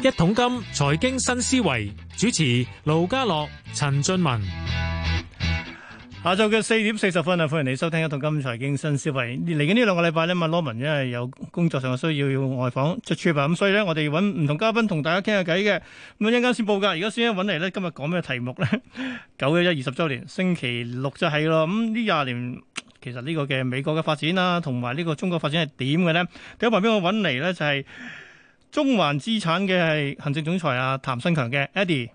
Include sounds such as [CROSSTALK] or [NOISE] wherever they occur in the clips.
一桶金財經新思維，主持盧家樂、陳俊文，下晝嘅四點四十分啊！歡迎你收聽一桶金財經新思維。嚟緊呢兩個禮拜咧，麥羅文因為有工作上嘅需要要外訪，出處吧咁，所以咧我哋揾唔同嘉賓同大家傾下偈嘅。咁一陣間先報價，而家先先揾嚟咧，今日講咩題目咧？九一一二十周年，星期六就係咯。咁呢廿年其實呢個嘅美國嘅發展啦，同埋呢個中國發展係點嘅咧？等下邊邊我揾嚟咧就係。中環資產嘅係行政總裁啊，譚新強嘅 Eddie。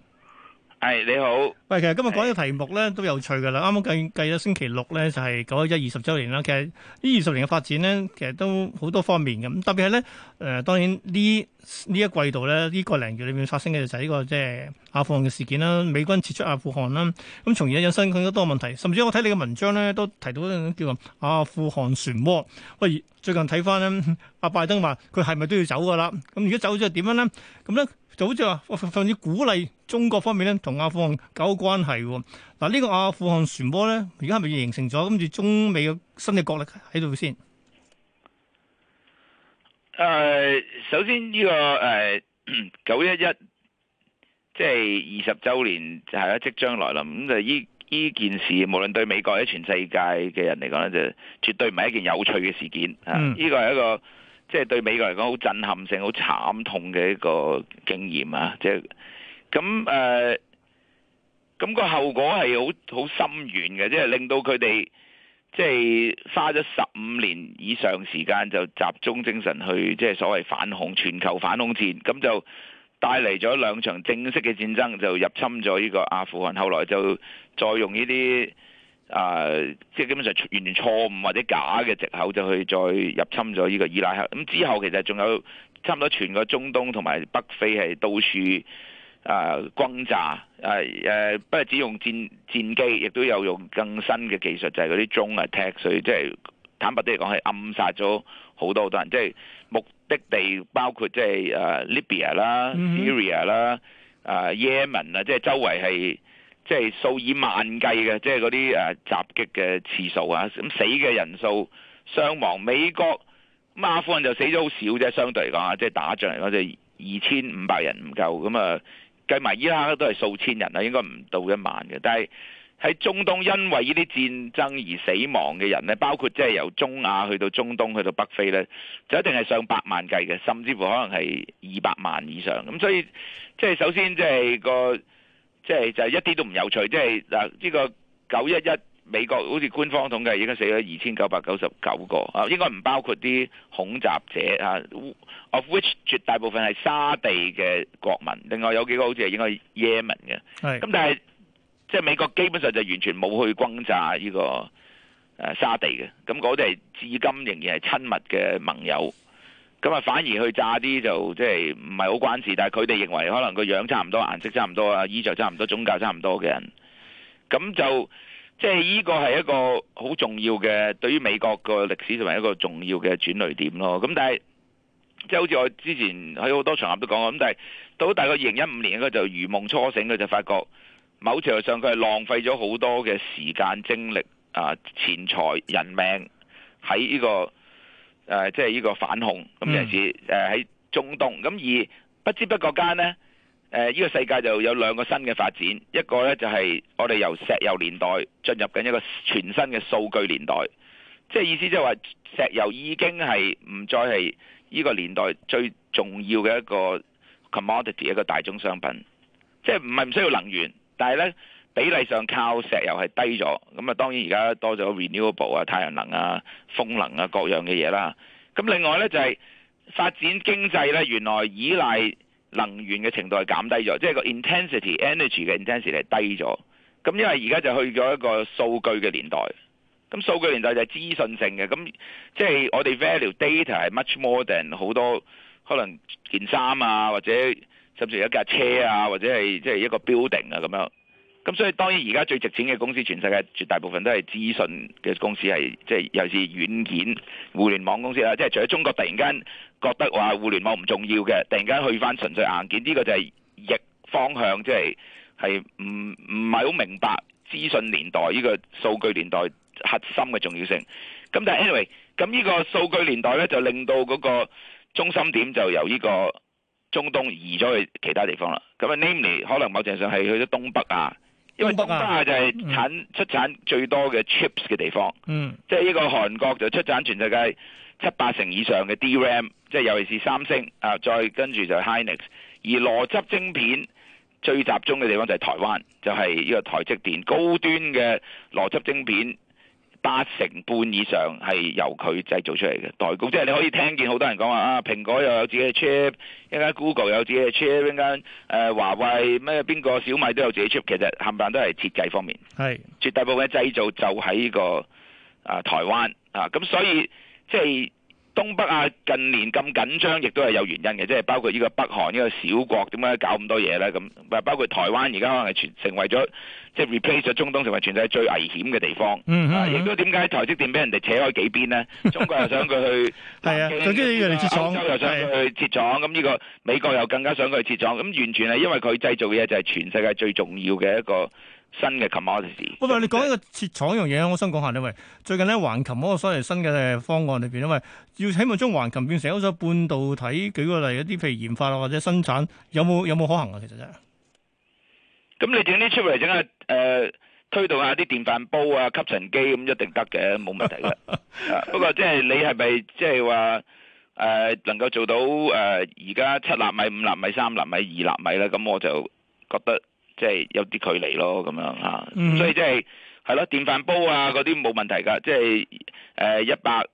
係、hey, 你好，喂，其實今日講嘅題目咧都有趣噶啦，啱啱計計咗星期六咧就係九一二十周年啦。其實呢二十年嘅發展咧，其實都好多方面嘅，咁特別係咧，誒、呃，當然呢呢一季度咧呢、這個零月裏面發生嘅就係呢個即係阿富汗嘅事件啦，美軍撤出阿富汗啦，咁從而引申更多問題，甚至我睇你嘅文章咧都提到叫做阿富汗漩渦。喂，最近睇翻咧，阿拜登話佢係咪都要走噶啦？咁如果走咗又點樣咧？咁咧？就好似話，甚至鼓勵中國方面咧，同阿富汗搞好關係。嗱，呢個阿富汗漩渦咧，而家係咪形成咗？跟住中美嘅新嘅角力喺度先。誒、呃，首先呢、這個誒、呃、九一一，即係二十週年就係啦，即將來臨。咁就依依件事，無論對美國或者全世界嘅人嚟講咧，就絕對唔係一件有趣嘅事件。嗯。呢、這個係一個。即係對美國嚟講好震撼性、好慘痛嘅一個經驗啊！即係咁誒，咁個後果係好好深遠嘅，即係令到佢哋即係花咗十五年以上時間就集中精神去即係所謂反恐、全球反恐戰，咁就帶嚟咗兩場正式嘅戰爭，就入侵咗呢個阿富汗，後來就再用呢啲。啊、呃，即係基本上完全錯誤或者假嘅藉口，就去再入侵咗呢個伊拉克。咁之後其實仲有差唔多全個中東同埋北非係到處啊轟、呃、炸，誒、呃、誒，不只用戰戰機，亦都有用更新嘅技術，就係嗰啲 drone attack，所以即、就、係、是、坦白啲嚟講係暗殺咗好多好多人。即、就、係、是、目的地包括即係誒利比亞啦、敍利亞啦、啊也門啊，即係、就是、周圍係。即係數以萬計嘅，即係嗰啲誒襲擊嘅次數啊，咁死嘅人數、傷亡，美國咁、嗯、阿富汗就死咗好少啫，相對嚟講、即係、啊，即係打仗嚟講就二千五百人唔夠，咁啊計埋伊拉克都係數千人啊，應該唔到一萬嘅。但係喺中東因為呢啲戰爭而死亡嘅人咧，包括即係由中亞去到中東去到北非咧，就一定係上百萬計嘅，甚至乎可能係二百萬以上。咁所以即係首先即係個。即係就，是、就是一啲都唔有趣，即係嗱呢個九一一美國好似官方統計已經死咗二千九百九十九個啊，應該唔包括啲恐襲者啊，of which 絕大部分係沙地嘅國民，另外有幾個好似係應該 Yemen 嘅，咁但係即係美國基本上就完全冇去轟炸呢個誒沙地嘅，咁嗰啲係至今仍然係親密嘅盟友。咁啊，反而去炸啲就即係唔係好關事，但係佢哋認為可能個樣差唔多、顏色差唔多啊、衣着差唔多、宗教差唔多嘅人，咁就即係呢個係一個好重要嘅對於美國嘅歷史同埋一個重要嘅轉捩點咯。咁但係即係好似我之前喺好多場合都講過，咁但係到大概二零一五年佢就如夢初醒，佢就發覺某程度上佢係浪費咗好多嘅時間、精力啊、錢財、人命喺呢、這個。誒、呃，即係呢個反恐咁，尤其是誒喺中東咁、呃，而不知不覺間呢，誒、呃、依、呢個世界就有兩個新嘅發展，一個呢，就係、是、我哋由石油年代進入緊一個全新嘅數據年代，即係意思即係話石油已經係唔再係呢個年代最重要嘅一個 commodity 一個大宗商品，即係唔係唔需要能源，但係呢。比例上靠石油係低咗，咁啊當然而家多咗 renewable 啊、太陽能啊、風能啊各樣嘅嘢啦。咁另外咧就係、是、發展經濟咧，原來依賴能源嘅程度係減低咗，即、就、係、是、個 intensity energy 嘅 intensity 係低咗。咁因為而家就去咗一個數據嘅年代，咁數據年代就係資訊性嘅，咁即係我哋 value data 係 much more than 好多，可能件衫啊，或者甚至有一架車啊，或者係即係一個 building 啊咁樣。咁所以當然而家最值錢嘅公司，全世界絕大部分都係資訊嘅公司，係即係尤其是軟件、互聯網公司啦。即係除咗中國突然間覺得話互聯網唔重要嘅，突然間去翻純粹硬件，呢個就係逆方向是是，即係係唔唔係好明白資訊年代呢個數據年代核心嘅重要性。咁但係 anyway，咁呢個數據年代咧就令到嗰個中心點就由呢個中東移咗去其他地方啦。咁啊，namely 可能某程度上係去咗東北啊。因為東亞就係產出產最多嘅 chips 嘅地方，嗯，即係呢個韓國就出產全世界七八成以上嘅 DRAM，即係尤其是三星啊，再跟住就 Hynix，而邏輯晶片最集中嘅地方就係台灣，就係、是、呢個台積電高端嘅邏輯晶片。八成半以上係由佢製造出嚟嘅代工，即係你可以聽見好多人講話啊，蘋果又有自己嘅 chip，一間 Google 有自己嘅 chip，一間誒、呃、華為咩邊個小米都有自己嘅 chip，其實冚唪唥都係設計方面，係絕大部分嘅製造就喺、呢個啊台灣啊，咁所以即係。東北啊，近年咁緊張，亦都係有原因嘅，即係包括呢個北韓呢、呢個小國點解搞咁多嘢咧？咁包括台灣，而家可能成成為咗即係 replace 咗中東，成為全世界最危險嘅地方。嗯亦、嗯嗯啊、都點解台積電俾人哋扯開幾邊咧？ [LAUGHS] 中國又想佢去，係 [LAUGHS] 啊，總之個你歐洲又想佢去設廠，咁呢、啊、個美國又更加想佢去設廠，咁完全係因為佢製造嘅嘢就係全世界最重要嘅一個，新嘅 commodity，喂，你講一個設廠一樣嘢，我想講下咧。喂，最近咧橫琴嗰個所謂新嘅方案裏邊，因為要希望將橫琴變成好似半導體，舉個例，一啲譬如研發或者生產，有冇有冇可能？啊？其實真，咁你整啲出嚟，整下誒推動一下啲電飯煲啊、吸塵機咁，一定得嘅，冇問題嘅。 [LAUGHS] 不過即、就、係、是、你係咪即係話誒能夠做到誒而家七納米、五納米、三納米、二納米咧？咁我就覺得。即、就、係、是、有啲距離咯，咁樣、mm -hmm. 所以即係係咯，電飯煲啊嗰啲冇問題㗎，即係誒一百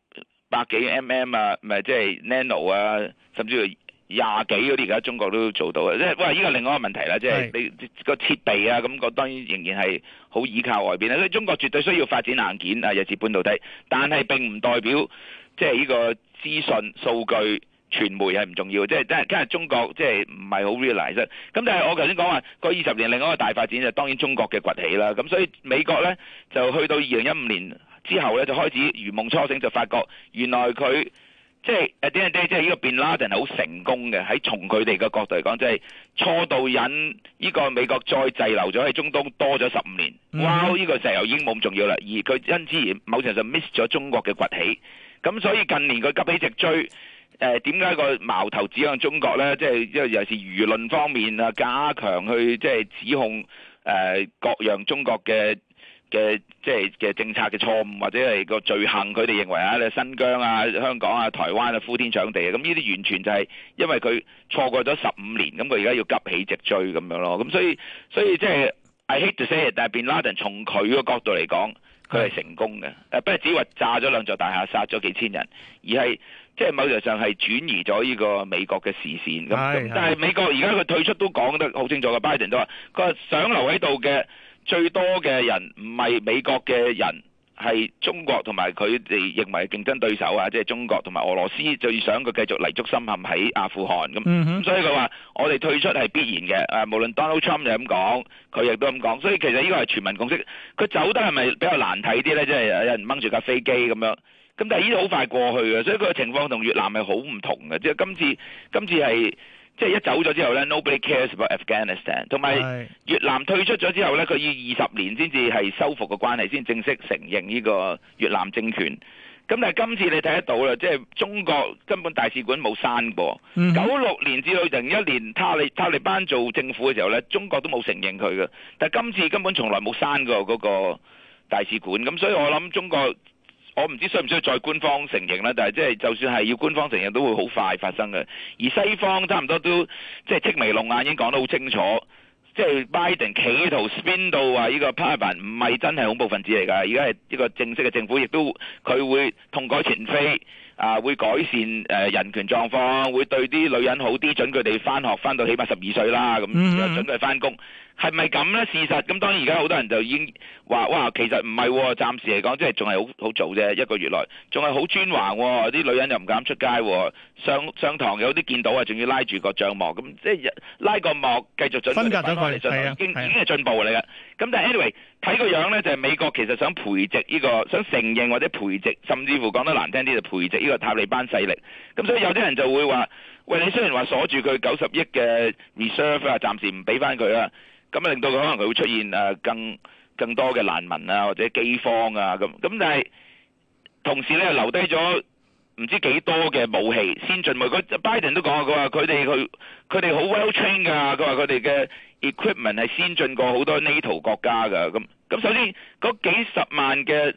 百幾 mm 啊，唔係即係 nano 啊，甚至乎廿幾嗰啲而家中國都做到啊，即、就、係、是、喂，依、這個另外一個問題啦，即、就、係、是、你、那個設備啊，咁、那個當然仍然係好倚靠外邊啦，所以中國絕對需要發展硬件啊，尤其是半導體，但係並唔代表即係呢個資訊數據。傳媒係唔重要，即係真係中國，即係唔係好 realize。咁但係我頭先講話個二十年另一個大發展就當然中國嘅崛起啦。咁所以美國咧就去到二零一五年之後咧就開始如夢初醒，就發覺原來佢即係點樣即係呢個賓拉登係好成功嘅。喺從佢哋嘅角度嚟講，即、就、係、是、初度引呢個美國再滯留咗喺中東多咗十五年。哇！呢、呢個石油已經冇咁重要啦，而佢因此而某程度就 miss 咗中國嘅崛起。咁所以近年佢急起直追。誒，點解個矛頭指向中國咧？即係因為又是輿論方面啊，加強去即係指控誒各樣中國嘅嘅即係嘅政策嘅錯誤，或者係個罪行，佢哋認為啊，你新疆啊、香港啊、台灣啊，呼天搶地啊！咁呢啲完全就係因為佢錯過咗十五年，咁佢而家要急起直追咁樣咯。咁所以所以即、就、係、是、I hate to say it，但係 b e 從佢個角度嚟講，佢係成功嘅。誒，不係只話炸咗兩座大廈，殺咗幾千人，而係。即係某程度上係轉移咗呢個美國嘅視線咁，是是是但係美國而家佢退出都講得好清楚嘅，Biden 都話佢話想留喺度嘅最多嘅人唔係美國嘅人，係中國同埋佢哋認為競爭對手啊，即係中國同埋俄羅斯最想佢繼續泥足深陷喺阿富汗咁，嗯、所以佢話我哋退出係必然嘅。誒，無論 Donald Trump 又咁講，佢亦都咁講，所以其實呢個係全民共識。佢走得係咪比較難睇啲呢？即係有人掹住架飛機咁樣。咁但係呢啲好快過去嘅，所以佢個情況同越南係好唔同嘅。即係今次，今次係即係一走咗之後咧，Nobody cares about Afghanistan。同埋越南退出咗之後咧，佢要二十年先至係修復個關係，先正式承認呢個越南政權。咁但係今次你睇得到啦，即係中國根本大使館冇刪過。九六年至到零一年，塔利塔利班做政府嘅時候咧，中國都冇承認佢嘅。但係今次根本從來冇刪過嗰個大使館。咁所以我諗中國。我唔知需唔需要再官方承認啦，但係即係就算係要官方承認，都會好快發生嘅。而西方差唔多都即係擠眉弄眼，已經講得好清楚，即係拜登企圖 spin 到話呢個叛民唔係真係恐怖分子嚟㗎，而家係一個正式嘅政府，亦都佢會痛改前非啊，會改善、呃、人權狀況，會對啲女人好啲，準佢哋翻學翻到起碼十二歲啦，咁准準佢翻工。係咪咁咧？事實咁當然而家好多人就已經話，哇，其實唔係喎，暫時嚟講，即係仲係好好早啫。一個月內仲係好專橫喎，啲女人又唔敢出街喎。上上堂有啲見到啊，仲要拉住個帳幕，咁即係拉個幕繼續進軍。分隔咗佢。係啊。已經係進步嚟嘅。咁但係 anyway，睇個樣咧，就係、是、美國其實想培植呢、這個，想承認或者培植，甚至乎講得難聽啲，就是、培植呢個塔利班勢力。咁所以有啲人就會話，喂，你雖然話鎖住佢九十億嘅 reserve 啊，暫時唔俾翻佢啦。咁啊，令到佢可能佢會出現啊，更更多嘅難民啊，或者饑荒啊，咁咁，但係同時咧，留低咗唔知幾多嘅武器，先進。佢拜登都講啊，佢話佢哋佢佢哋好 well trained 㗎，佢話佢哋嘅 equipment 係先進過好多 NATO 國家㗎。咁咁，首先嗰幾十萬嘅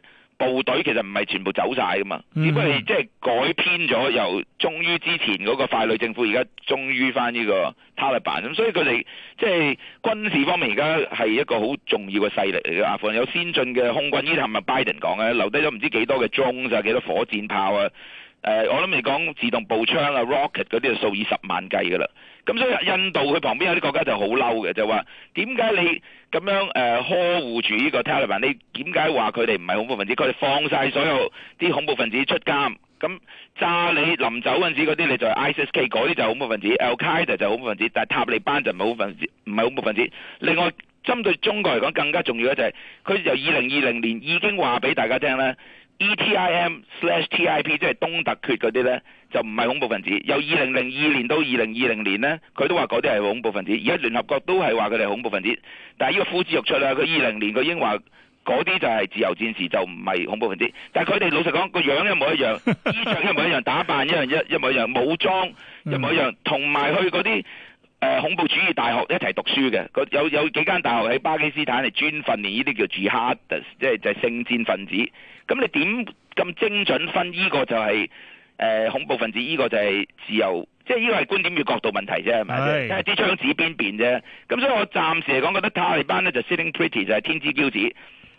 部隊其實唔係全部走晒噶嘛，只不過係即係改編咗，由終於之前嗰個傀儡政府，而家終於翻呢個塔利班。咁所以佢哋即係軍事方面，而家係一個好重要嘅勢力嚟嘅。阿富汗有先進嘅空軍，呢啲係咪 Biden 講嘅？留低咗唔知幾多嘅 drones 就幾多火箭炮啊！誒、呃，我諗嚟講自動步槍啊、rocket 嗰啲，數以十萬計噶啦。咁所以印度佢旁邊有啲國家就好嬲嘅，就話，點解你咁樣誒、呃、呵護住呢個塔利班？你點解話佢哋唔係恐怖分子？佢哋放晒所有啲恐怖分子出監，咁炸你臨走嗰陣時嗰啲，你就 ISIS-K 嗰啲就恐怖分子，Al Qaeda 就恐怖分子，但係塔利班就唔係恐怖分子，唔係恐怖分子。另外針對中國嚟講，更加重要嘅就係佢由二零二零年已經話俾大家聽咧。E T I M slash T I P 即係東突厥嗰啲咧，就唔係恐怖分子。由二零零二年到二零二零年咧，佢都話嗰啲係恐怖分子。而家聯合國都係話佢哋恐怖分子。但係呢個呼之欲出啦。佢二零年佢已經話嗰啲就係自由戰士，就唔係恐怖分子。但係佢哋老實講個樣一模一樣，衣著一模一樣，打扮一樣一一模一樣，武裝一模一樣，同埋去嗰啲。誒恐怖主義大學一齊讀書嘅，有有幾間大學喺巴基斯坦係專訓練呢啲叫 jihad 即係即係聖戰分子。咁你點咁精準分依個就係、是、誒、呃、恐怖分子，依個就係自由，即係依個係觀點與角度問題啫，係咪？即係啲槍指邊邊啫，咁所以我暫時嚟講，覺得塔利班咧就 sitting pretty 就係天之驕子，即、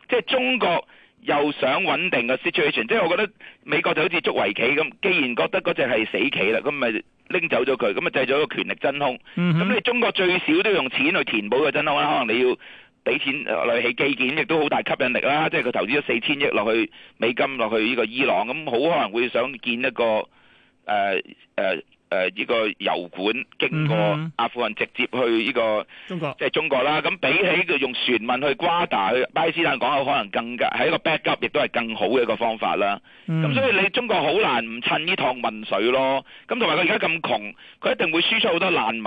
就、係、是、中國。又想穩定個 situation，即係我覺得美國就好似捉圍棋咁，既然覺得嗰隻係死棋啦，咁咪拎走咗佢，咁咪製咗個權力真空。咁、嗯、你中國最少都要用錢去填補個真空啦，可能你要俾錢內地、呃、起基建亦都好大吸引力啦。即係佢投資咗四千億落去美金落去呢個伊朗，咁好可能會想建一個誒誒。呃呃誒、呃、依，這個油管經過阿富汗直接去呢、這個中國，即、嗯、係、就是、中國啦。咁比起佢用船運去瓜達去巴基斯坦港口，可能更加係一個 backup，亦都係更好嘅一個方法啦。咁、嗯、所以你中國好難唔趁呢趟運水咯。咁同埋佢而家咁窮，佢一定會輸出好多難民。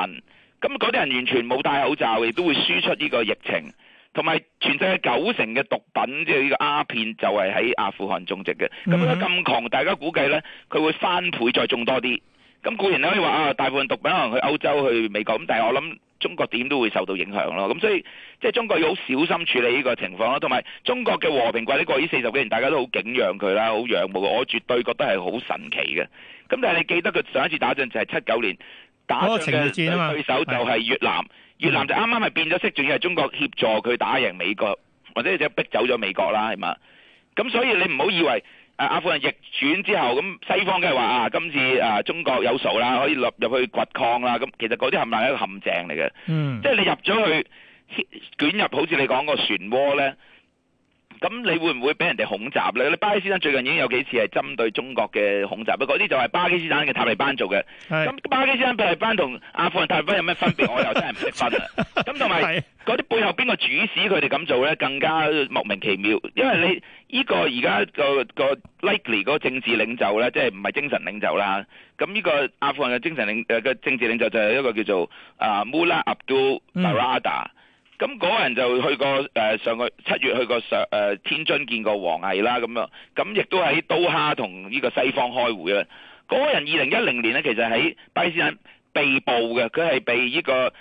咁嗰啲人完全冇戴口罩，亦都會輸出呢個疫情。同埋全世界九成嘅毒品，即係呢個鴉片，就係、是、喺阿富汗種植嘅。咁佢咁窮，大家估計咧，佢會翻倍再種多啲。咁固然你可以話啊，大部分毒品可能去歐洲、去美國，咁但係我諗中國點都會受到影響咯。咁所以即係中國要好小心處理呢個情況咯。同埋中國嘅和平崛起，你過去呢四十幾年大家都好敬仰佢啦，好仰慕。我絕對覺得係好神奇嘅。咁但係你記得佢上一次打仗就係七九年打嘅對手就係越南，越南就啱啱係變咗色，仲要係中國協助佢打贏美國，或者係逼走咗美國啦，係嘛？咁所以你唔好以為。啊！阿富汗逆轉之後，咁西方梗係話啊，今次啊中國有數啦，可以落入去掘礦啦。咁其實嗰啲冚唪唥係一個陷阱嚟嘅、嗯，即係你入咗去捲入，好似你講、嗰個漩渦咧。咁你會唔會俾人哋恐襲咧？你巴基斯坦最近已經有幾次係針對中國嘅恐襲，嗰啲就係巴基斯坦嘅塔利班做嘅。咁巴基斯坦塔利班同阿富汗塔利班有咩分別？ [LAUGHS] 我又真係唔識分咁，同埋嗰啲背後邊個主使佢哋咁做咧，更加莫名其妙。因為你、呢個而家、嗯嗰個 likely 嗰個政治領袖咧，即係唔係精神領袖啦？咁呢個阿富汗嘅精神領誒、呃、政治領袖就係一個叫做、呃、Mula Abdul Barada、嗯。咁嗰個人就去過誒、呃、上個七月去過上、呃、天津見過王毅啦咁樣，咁亦都喺刀蝦同呢個西方開會嘅。嗰個人二零一零年呢，其實喺巴基斯坦被捕嘅，佢係被呢個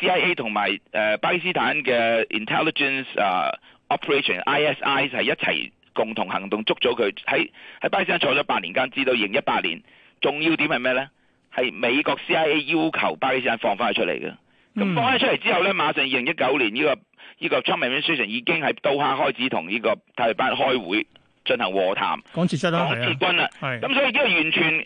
CIA 同埋誒巴基斯坦嘅 intelligence 啊 operation ISI 係一齊共同行動捉咗佢喺喺巴基斯坦坐咗八年間，至到二零一八年。重要點係咩呢？係美國 CIA 要求巴基斯坦放翻佢出嚟嘅。咁放喺出嚟之後咧，馬上二零一九年呢、這個呢、這個 Trump administration 已經係到下開始同呢個泰國班開會進行和談，講戰爭咯，講戰爭啦。咁、啊、所以呢個完全、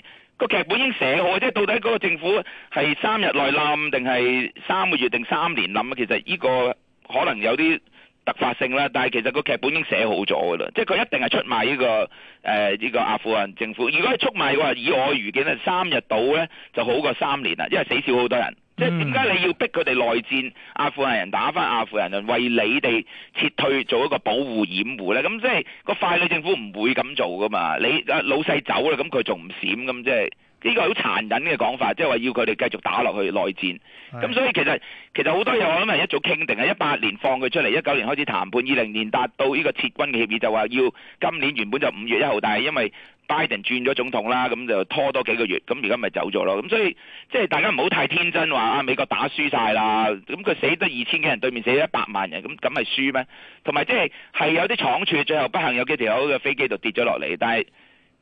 那個劇本已經寫好，即係到底嗰個政府係三日內冧定係三個月定三年諗？啊？其實呢個可能有啲突發性啦，但係其實個劇本已經寫好咗噶啦，即係佢一定係出賣呢、這個呢、呃這個阿富汗政府。如果係出賣嘅話，以我預見咧，三日到咧就好過三年啦，因為死少好多人。即係點解你要逼佢哋內戰？阿富汗人打返阿富汗人，為你哋撤退做一個保護掩護咧？咁即係個傀儡政府唔會咁做噶嘛？你啊老細走啦，咁佢仲唔閃咁即係？呢、個好殘忍嘅講法，即係話要佢哋繼續打落去內戰。咁所以其實其實好多嘢我諗係一早傾定嘅，一八年放佢出嚟，一九年開始談判，二零年達到呢個撤軍嘅協議，就話要今年原本就五月一號，但係因為拜登轉咗總統啦，咁就拖多幾個月。咁而家咪走咗咯。咁所以即係大家唔好太天真話啊，美國打輸晒啦。咁佢死得二千幾人，對面死咗一百萬人，咁咁係輸咩？同埋即係係有啲倉卒，最後不幸有幾條友嘅飛機度跌咗落嚟，但係。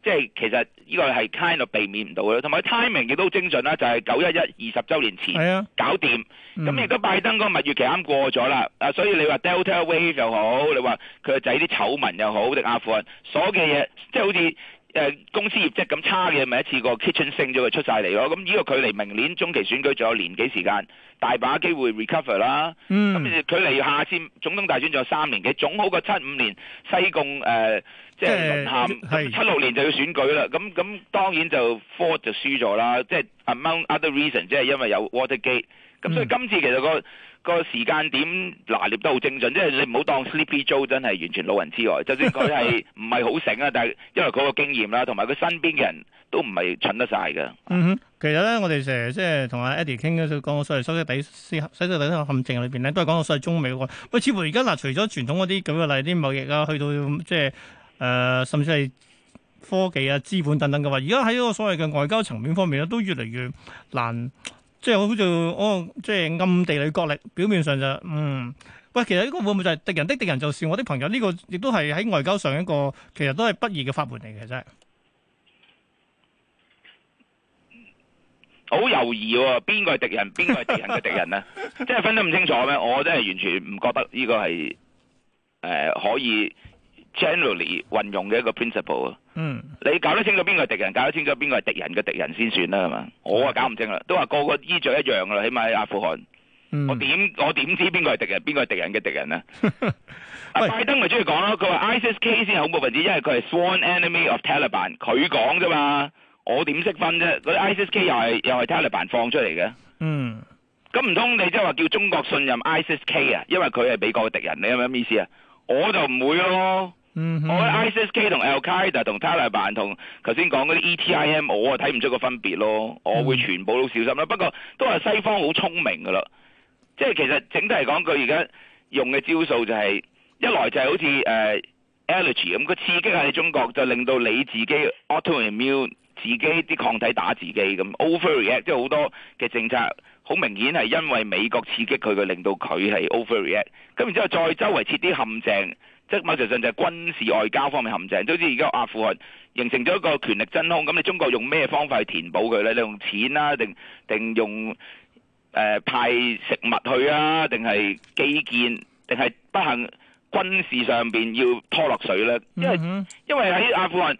即係其實呢個係 kind of 就避免唔到嘅，同埋 timing 亦都精準啦，就係九一一二十週年前搞掂。咁亦、啊嗯、都拜登個蜜月期啱過咗啦，啊，所以你話 Delta wave 就好，你話佢個仔啲醜聞又好，定阿富汗所嘅嘢，即係好似。誒公司業績咁差嘅咪、就是、一次過 kitchen 升咗佢出晒嚟咯。咁、這、呢個距離明年中期選舉仲有年幾時間，大把機會 recover 啦。嗯，咁距離下次總統大選仲有三年幾，總好過七五年西貢誒即係淪陷七六年就要選舉啦。咁咁當然就 Ford 就輸咗啦，即、就、係、是、among other reasons 即係因為有 watergate，嗯。咁所以今次其實個個時間點拿捏得好精準，即係你唔好當 Sleepy Joe 真係完全老人之外，就算佢係唔係好醒啊， [LAUGHS] 但係因為佢個經驗啦，同埋佢身邊嘅人都唔係蠢得晒嘅。嗯哼，其實咧，我哋成日即係同阿 Eddie 傾咧，講個所謂收息底收底陷阱裏邊咧，都係講到所謂中美的。喂，似乎而家嗱，除咗傳統嗰啲，咁嘅例，啲貿易啊，去到即係誒，甚至係科技啊、資本等等嘅話，而家喺個所謂嘅外交層面方面咧，都越嚟越難。即係好似哦，即係暗地裏角力，表面上就是、嗯喂，其實呢個會唔會就係敵人的敵人就是我的朋友呢個，亦都係喺外交上一個其實都係不義嘅法門嚟嘅啫。好猶豫喎，邊個係敵人，邊個係敵人嘅敵人咧？ [LAUGHS] 即係分得唔清楚咩？我真係完全唔覺得呢個係誒、呃、可以 generally 運用嘅一個 principle。嗯、mm.，你搞得清楚邊個係敵人，搞得清楚邊個係敵人嘅敵人先算啦，係嘛？我啊搞唔清啦，都話個個衣着一樣噶啦，起碼喺阿富汗。Mm. 我點我點知邊個係敵人，邊個係敵人嘅敵人咧？阿 [LAUGHS] 拜登咪中意講咯，佢話 ISIS K 先恐怖分子，因為佢係 sworn enemy of Taliban，佢講啫嘛，我點識分啫？嗰啲 ISIS K 又係又係塔利班放出嚟嘅。嗯，咁唔通你即係話叫中國信任 ISIS K 啊？因為佢係美國嘅敵人，你係咪咩意思啊？我就唔會咯。嗯， [NOISE] 我覺得 ISIS-K 同 Al Qaeda 同 Taliban 同頭先講嗰啲 E T I M，我啊睇唔出個分別咯，我會全部都小心啦。不過都話西方好聰明噶啦，即係其實整體嚟講佢而家用嘅招數就係、是、一來就係好似誒、uh, allergy 咁，佢刺激喺中國就令到你自己 autoimmune 自己啲抗體打自己咁 overreact，即係好多嘅政策好明顯係因為美國刺激佢，佢令到佢係 overreact，咁然之後再周圍設啲陷阱。即某程度上就係軍事外交方面陷阱。總之而家阿富汗形成咗一個權力真空，咁你中國用咩方法去填補佢咧？你用錢啦、啊，定定用誒、呃、派食物去啊，定係基建，定係不幸？軍事上面要拖落水咧？因為、嗯、因為喺阿富汗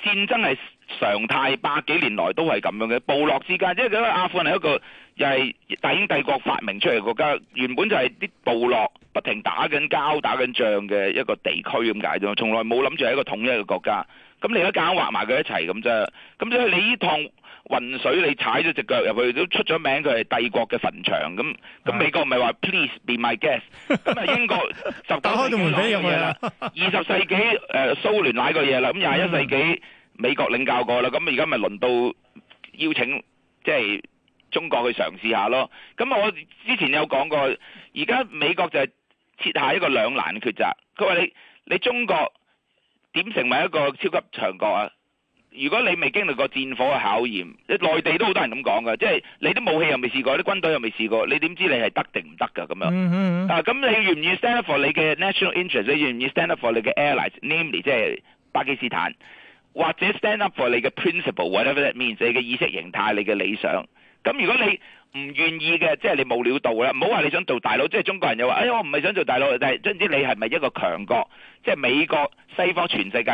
戰爭係常態，百幾年來都係咁樣嘅部落之間，因為嗰個阿富汗係一個。又係大英帝國發明出嚟嘅國家，原本就係啲部落不停打緊交、打緊仗嘅一個地區咁解啫，從來冇諗住係一個統一嘅國家。咁你而家夾硬畫埋佢一齊咁啫。咁所以你呢趟混水，你踩咗隻腳入去都出咗名，佢係帝國嘅墳場。咁咁美國唔係話 Please be my guest，咁啊英國十九世紀嘅嘢啦，二十世紀誒蘇聯拉過嘢啦，咁廿一世紀美國領教過啦，咁而家咪輪到邀請即係。中國去嘗試一下咯。咁我之前有講過，而家美國就係設下一個兩難嘅抉擇。佢話你你中國點成為一個超級強國啊？如果你未經歷過戰火嘅考驗，內地都好多人咁講嘅，即係你啲武器又未試過，啲軍隊又未試過，你點知你係得定唔得㗎？咁樣、mm -hmm. 啊，咁你願唔願 stand up for 你嘅 national interest？你願唔願意 stand up for 你嘅 alliance，namely，即係巴基斯坦，或者 stand up for 你嘅 principle，whatever means 你嘅意識形態、你嘅理想。咁如果你唔願意嘅，即係你冇料到啦，唔好話你想做大佬，即係中國人又話，哎呀，我唔係想做大佬，但係唔知你係咪一個強國，即係美國西方全世界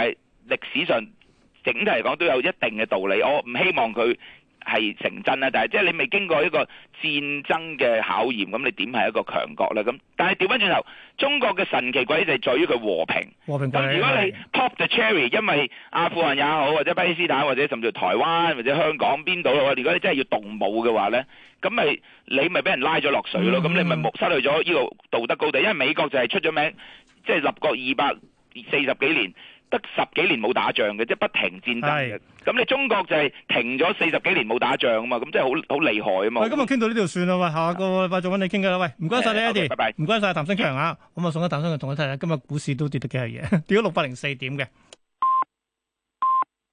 歷史上整體嚟講都有一定嘅道理，我唔希望佢係成真啦，但係即係你未經過一個戰爭嘅考驗，咁你點係一個強國咧？咁但係調翻轉頭，中國嘅神奇鬼就係在於佢和平。和平，咁如果你 pop the cherry，因為阿富汗也好，或者巴基斯坦，或者甚至台灣或者香港邊度，如果你真係要動武嘅話咧，咁咪你咪俾人拉咗落水咯。咁、嗯、你咪冇失去咗呢個道德高地。因為美國就係出咗名，即係立國二百四十幾年。得十幾年冇打仗嘅，即係不停戰鬥嘅。咁你中國就係停咗四十幾年冇打仗啊嘛，咁即係好好厲害啊嘛。喂，今日傾到呢度算啦嘛，下個禮拜再揾你傾偈啦。喂，唔該晒，Eddie, okay, bye bye 你 e d 唔該晒。譚新強啊。咁啊，送一譚新強同我睇下今日股市都跌得幾係嘢，跌咗六百零四點嘅。